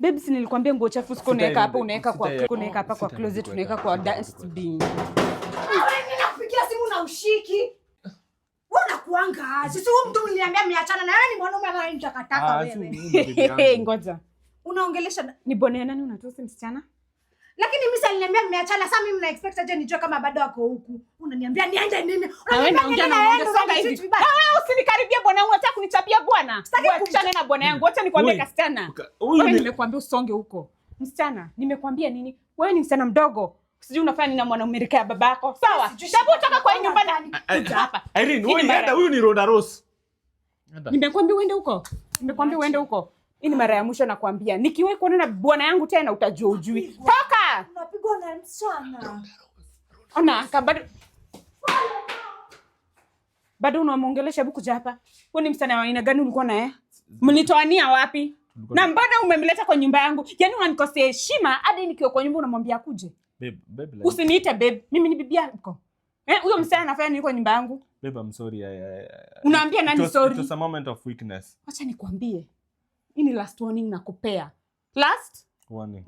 Babes, nilikwambia nguo chafu siku unaweka hapa, unaweka kwa unaweka hapa kwa closet, unaweka kwa dustbin. Wewe ninakupigia simu na ushiki. Wewe Unakuanga Sisi huyu mtu niliambia miachana na wewe, ni mwanaume ambaye nitakataka ah, wewe. Ngoja. Unaongelesha ni bonea nani unatosa msichana? Lakini mimi sasa niliambia mmeachana, sasa mimi na expect aje nijue kama bado wako huku. Unaniambia niende nini? Unaniambia niende nini? Usinikaribie kunichapia bwana. Sitaki kuchana na bwana yangu. Acha nikwambie kasichana. Wewe nimekwambia usonge huko. Msichana, nimekwambia nini? Wewe ni msichana mdogo. Sijui unafanya nini na mwanaume rika ya babako. Sawa? Hebu toka kwa nyumba ndani. Kuja hapa. Irene, wewe nenda huyu ni Ronda Rose. Nimekwambia uende huko. Nimekwambia uende huko. Hii ni mara ya mwisho nakwambia. nikiwe kuona na bwana yangu tena utajua ujui. Toka. Unapigwa na msichana. Ona, kabado bado unamwongelesha hebu kuja hapa. Wewe ni msana wa aina gani ulikuwa naye? Mlitoania wapi? Na mbona umemleta kwa nyumba yangu? Yaani unanikosea heshima hadi nikiwa kwa nyumba unamwambia akuje. Babe, babe. Like... Usiniite babe. Mimi ni bibi yako. Eh, huyo anafanya nini kwa nyumba yangu? Babe, I'm sorry. I, I, I... Unaambia nani sorry? It was a moment of weakness. Acha nikwambie. Hii ni last warning nakupea. Last warning.